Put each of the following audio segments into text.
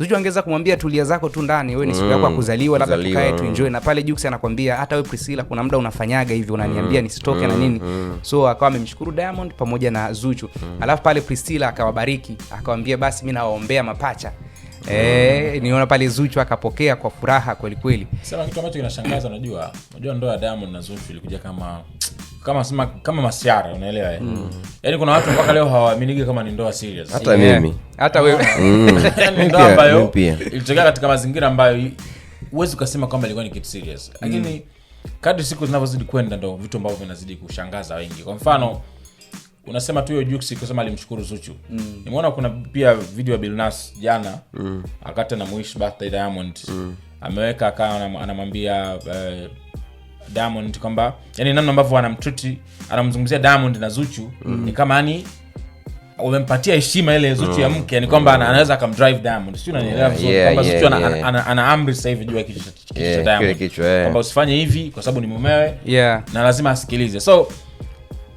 Zuchu angeweza kumwambia tulia zako tu ndani, wewe ni siku yako ya mm, kuzaliwa, labda tukae tu enjoy. Na pale Jux anakwambia hata wewe Priscilla, kuna muda unafanyaga hivi, unaniambia mm, nisitoke mm, na nini. So akawa amemshukuru Diamond pamoja na Zuchu, alafu pale Priscilla akawabariki, akawambia basi mi nawaombea mapacha eh, niona pale Zuchu akapokea kwa furaha kwelikweli. kweli. Sasa kitu ambacho kinashangaza, unajua unajua ndoa ya Diamond na Zuchu ilikuja kama kama sema kama masiara unaelewa eh? mm. Yaani kuna watu mpaka leo hawaaminiki kama ni ndoa serious. Hata hata mm. Mm. Yaani ndoa ambayo ilitokea katika mazingira ambayo huwezi ukasema kwamba ilikuwa ni kitu serious, mm. lakini mm. kadri siku zinavyozidi kwenda ndo vitu ambavyo vinazidi kushangaza wengi. Kwa mfano unasema tu hiyo Jux kusema alimshukuru Zuchu mm. nimeona kuna pia video ya bilnas jana mm. akati anamuish birthday Diamond mm. ameweka akaa anamwambia uh, Diamond kwamba yani namna ambavyo anamtreat anamzungumzia Diamond na Zuchu mm. ni kama ani wamempatia heshima ile Zuchu mm. ya mke ni kwamba mm. anaweza akamdrive Diamond, siu nanielewa vizuri yeah, kwamba yeah, Zuchu ana, yeah. ana, ana ana amri sasahivi juu ya kichwa kwamba usifanye hivi kwa sababu ni mumewe yeah. na lazima asikilize, so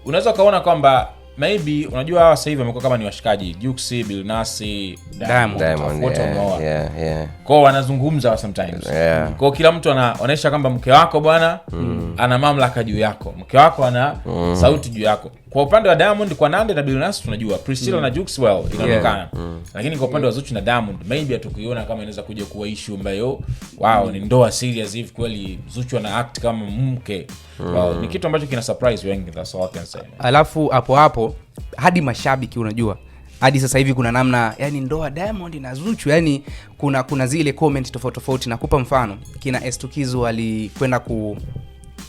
unaweza ukaona kwamba maybe unajua hawa sasa hivi wamekuwa kama ni washikaji Juksi, Bilnasi, Diamond, Diamond wote yeah, yeah, kwao wanazungumza sometimes yeah. kwao kila mtu anaonyesha kwamba mke wako bwana mm. ana mamlaka juu yako, mke wako ana mm. sauti juu yako kwa upande wa Diamond kwa nande na bilnas tunajua Priscilla mm. na Juxwell inaonekana. Yeah. Mm. Lakini kwa upande wa Zuchu na Diamond maybe hatukuiona kama inaweza kuja kuwa ishu ambayo wao mm. ni ndoa serious hivi kweli Zuchu ana act kama mke. Mm. Wow, ni kitu ambacho kina surprise wengi that's all I can say. Alafu hapo hapo hadi mashabiki unajua hadi sasa hivi kuna namna yani ndoa Diamond na Zuchu yani kuna kuna zile comment tofauti tofauti. Nakupa mfano kina Estukizu alikwenda ku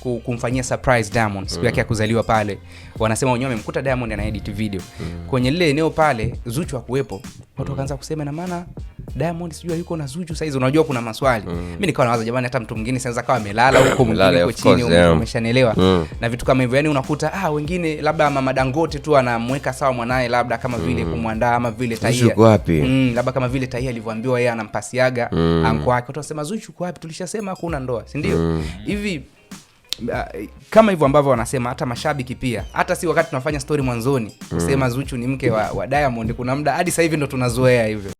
kumfanyia surprise Diamond siku yake ya mm. kuzaliwa pale. Wanasema wenyewe wamemkuta Diamond ana edit video mm. kwenye lile eneo pale, Zuchu hakuwepo. Watu mm. wakaanza kusema na maana Diamond sijui yuko na Zuchu saizi, unajua kuna maswali mm. Mimi nikawa nawaza jamani, hata mtu mwingine sasa kawa amelala huko mwingine chini umeshanelewa mm. na vitu kama hivyo, yani unakuta ah, wengine labda mama Dangote tu anamweka sawa mwanae, labda kama vile mm. kumwandaa ama vile Taia wapi mm, labda kama vile tahia alivyoambiwa yeye anampasiaga mm. anko wake, watu wanasema Zuchu kwapi Tulishasema hakuna ndoa, si ndio? hivi Uh, kama hivyo ambavyo wanasema hata mashabiki pia, hata si wakati tunafanya story mwanzoni kusema mm. Zuchu ni mke wa, wa Diamond, kuna muda hadi sahivi hivi ndo tunazoea hivyo.